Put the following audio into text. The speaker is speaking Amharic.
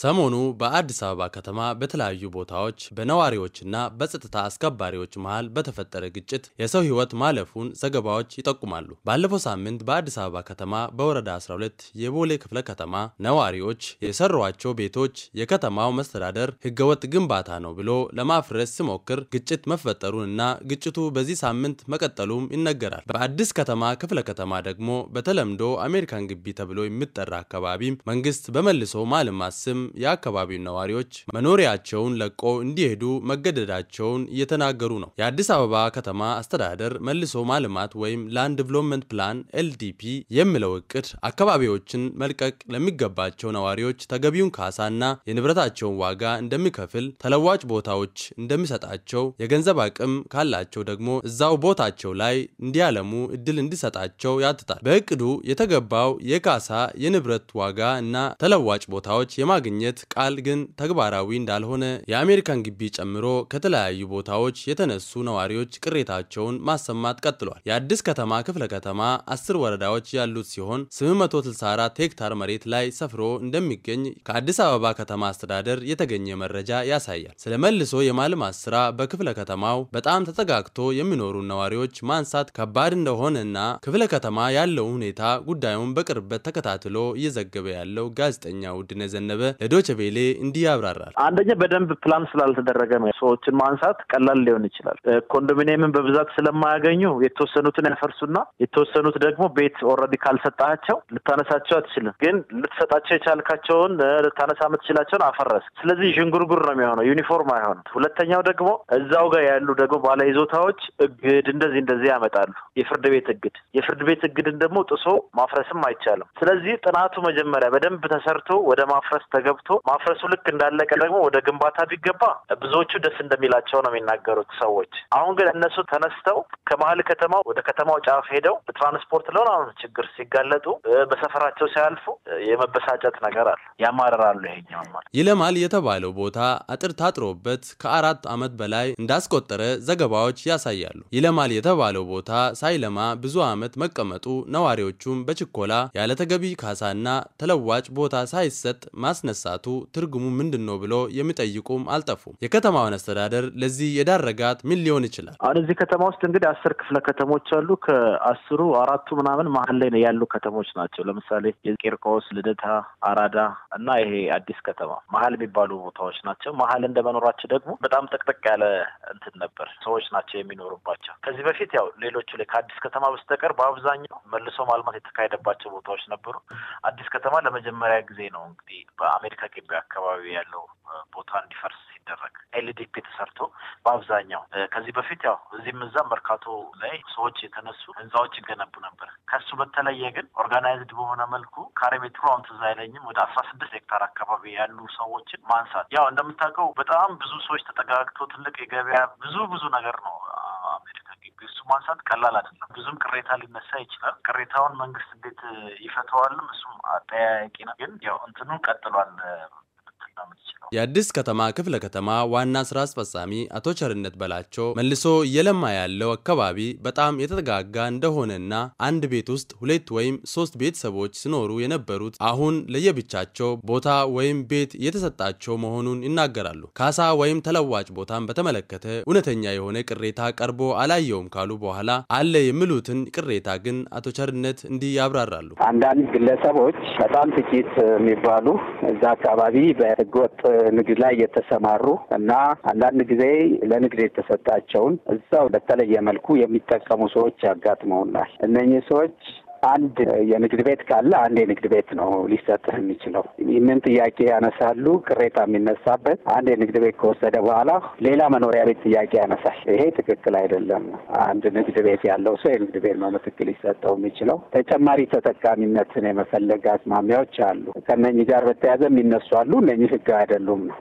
ሰሞኑ በአዲስ አበባ ከተማ በተለያዩ ቦታዎች በነዋሪዎችና በጸጥታ አስከባሪዎች መሃል በተፈጠረ ግጭት የሰው ሕይወት ማለፉን ዘገባዎች ይጠቁማሉ። ባለፈው ሳምንት በአዲስ አበባ ከተማ በወረዳ 12 የቦሌ ክፍለ ከተማ ነዋሪዎች የሰሯቸው ቤቶች የከተማው መስተዳደር ሕገወጥ ግንባታ ነው ብሎ ለማፍረስ ሲሞክር ግጭት መፈጠሩን እና ግጭቱ በዚህ ሳምንት መቀጠሉም ይነገራል። በአዲስ ከተማ ክፍለ ከተማ ደግሞ በተለምዶ አሜሪካን ግቢ ተብሎ የሚጠራ አካባቢም መንግስት በመልሶ ማልማት ስም የአካባቢው ነዋሪዎች መኖሪያቸውን ለቆ እንዲሄዱ መገደዳቸውን እየተናገሩ ነው። የአዲስ አበባ ከተማ አስተዳደር መልሶ ማልማት ወይም ላንድ ዲቨሎፕመንት ፕላን ኤልዲፒ የሚለው እቅድ አካባቢዎችን መልቀቅ ለሚገባቸው ነዋሪዎች ተገቢውን ካሳና የንብረታቸውን ዋጋ እንደሚከፍል፣ ተለዋጭ ቦታዎች እንደሚሰጣቸው፣ የገንዘብ አቅም ካላቸው ደግሞ እዛው ቦታቸው ላይ እንዲያለሙ እድል እንዲሰጣቸው ያትታል። በእቅዱ የተገባው የካሳ የንብረት ዋጋ እና ተለዋጭ ቦታዎች የማግኘት ማግኘት ቃል ግን ተግባራዊ እንዳልሆነ የአሜሪካን ግቢ ጨምሮ ከተለያዩ ቦታዎች የተነሱ ነዋሪዎች ቅሬታቸውን ማሰማት ቀጥሏል። የአዲስ ከተማ ክፍለ ከተማ አስር ወረዳዎች ያሉት ሲሆን 864 ሄክታር መሬት ላይ ሰፍሮ እንደሚገኝ ከአዲስ አበባ ከተማ አስተዳደር የተገኘ መረጃ ያሳያል። ስለ መልሶ የማልማት ስራ በክፍለ ከተማው በጣም ተጠጋግቶ የሚኖሩ ነዋሪዎች ማንሳት ከባድ እንደሆነና ክፍለ ከተማ ያለውን ሁኔታ ጉዳዩን በቅርበት ተከታትሎ እየዘገበ ያለው ጋዜጠኛ ውድነ ዘነበ ለዶች ቬሌ እንዲህ ያብራራል። አንደኛ በደንብ ፕላን ስላልተደረገ ነው። ሰዎችን ማንሳት ቀላል ሊሆን ይችላል። ኮንዶሚኒየምን በብዛት ስለማያገኙ የተወሰኑትን ያፈርሱና የተወሰኑት ደግሞ ቤት ኦልሬዲ ካልሰጣቸው ልታነሳቸው አትችልም። ግን ልትሰጣቸው የቻልካቸውን ልታነሳ የምትችላቸውን አፈረስ። ስለዚህ ዥንጉርጉር ነው የሚሆነው፣ ዩኒፎርም አይሆንም። ሁለተኛው ደግሞ እዛው ጋር ያሉ ደግሞ ባለይዞታዎች እግድ እንደዚህ እንደዚህ ያመጣሉ። የፍርድ ቤት እግድ የፍርድ ቤት እግድን ደግሞ ጥሶ ማፍረስም አይቻልም። ስለዚህ ጥናቱ መጀመሪያ በደንብ ተሰርቶ ወደ ማፍረስ ገብቶ ማፍረሱ ልክ እንዳለቀ ደግሞ ወደ ግንባታ ቢገባ ብዙዎቹ ደስ እንደሚላቸው ነው የሚናገሩት ሰዎች። አሁን ግን እነሱ ተነስተው ከመሀል ከተማ ወደ ከተማው ጫፍ ሄደው ትራንስፖርት ለሆነ አሁን ችግር ሲጋለጡ በሰፈራቸው ሲያልፉ የመበሳጨት ነገር አለ። ያማርራሉ። ይሄኛው ማለት ይለማል የተባለው ቦታ አጥር ታጥሮበት ከአራት ዓመት በላይ እንዳስቆጠረ ዘገባዎች ያሳያሉ። ይለማል የተባለው ቦታ ሳይለማ ብዙ ዓመት መቀመጡ ነዋሪዎቹም በችኮላ ያለተገቢ ካሳና ተለዋጭ ቦታ ሳይሰጥ ማስነ መነሳቱ ትርጉሙ ምንድን ነው ብሎ የሚጠይቁም አልጠፉም። የከተማውን አስተዳደር ለዚህ የዳረጋት ምን ሊሆን ይችላል? አሁን እዚህ ከተማ ውስጥ እንግዲህ አስር ክፍለ ከተሞች አሉ። ከአስሩ አራቱ ምናምን መሀል ላይ ያሉ ከተሞች ናቸው። ለምሳሌ የቂርቆስ፣ ልደታ፣ አራዳ እና ይሄ አዲስ ከተማ መሀል የሚባሉ ቦታዎች ናቸው። መሀል እንደመኖራቸው ደግሞ በጣም ጠቅጠቅ ያለ እንትን ነበር ሰዎች ናቸው የሚኖሩባቸው። ከዚህ በፊት ያው ሌሎቹ ላይ ከአዲስ ከተማ በስተቀር በአብዛኛው መልሶ ማልማት የተካሄደባቸው ቦታዎች ነበሩ። አዲስ ከተማ ለመጀመሪያ ጊዜ ነው እንግዲህ አሜሪካ ገቢ አካባቢ ያለው ቦታ እንዲፈርስ ሲደረግ ኤልዲፒ ተሰርቶ በአብዛኛው ከዚህ በፊት ያው እዚህም እዛ መርካቶ ላይ ሰዎች የተነሱ ህንፃዎች ይገነቡ ነበር። ከሱ በተለየ ግን ኦርጋናይዝድ በሆነ መልኩ ካሬ ሜትሩ አሁን ትዝ አይለኝም ወደ አስራ ስድስት ሄክታር አካባቢ ያሉ ሰዎችን ማንሳት ያው እንደምታውቀው በጣም ብዙ ሰዎች ተጠጋግቶ ትልቅ የገበያ ብዙ ብዙ ነገር ነው እሱ ማንሳት ቀላል አይደለም። ብዙም ቅሬታ ሊነሳ ይችላል። ቅሬታውን መንግስት እንዴት ይፈተዋልም እሱም አጠያያቂ ነው። ግን ያው እንትኑን ቀጥሏል። የምትችለው። የአዲስ ከተማ ክፍለ ከተማ ዋና ስራ አስፈጻሚ አቶ ቸርነት በላቸው መልሶ እየለማ ያለው አካባቢ በጣም የተጠጋጋ እንደሆነና አንድ ቤት ውስጥ ሁለት ወይም ሶስት ቤተሰቦች ሲኖሩ የነበሩት አሁን ለየብቻቸው ቦታ ወይም ቤት የተሰጣቸው መሆኑን ይናገራሉ። ካሳ ወይም ተለዋጭ ቦታን በተመለከተ እውነተኛ የሆነ ቅሬታ ቀርቦ አላየውም ካሉ በኋላ አለ የሚሉትን ቅሬታ ግን አቶ ቸርነት እንዲህ ያብራራሉ። አንዳንድ ግለሰቦች በጣም ጥቂት የሚባሉ እዛ አካባቢ ህገወጥ ንግድ ላይ የተሰማሩ እና አንዳንድ ጊዜ ለንግድ የተሰጣቸውን እዛው በተለየ መልኩ የሚጠቀሙ ሰዎች ያጋጥመውናል። እነኚህ ሰዎች አንድ የንግድ ቤት ካለ አንድ የንግድ ቤት ነው ሊሰጥህ የሚችለው። ይህንን ጥያቄ ያነሳሉ። ቅሬታ የሚነሳበት አንድ የንግድ ቤት ከወሰደ በኋላ ሌላ መኖሪያ ቤት ጥያቄ ያነሳል። ይሄ ትክክል አይደለም። አንድ ንግድ ቤት ያለው ሰው የንግድ ቤት ነው ምትክ ሊሰጠው የሚችለው። ተጨማሪ ተጠቃሚነትን የመፈለግ አስማሚያዎች አሉ። ከነኚህ ጋር በተያያዘ የሚነሱ አሉ። እነኚህ ህግ አይደሉም ነው